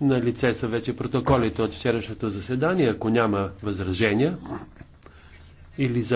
На лице са вече протоколите от вчерашното заседание. Ако няма възражения или за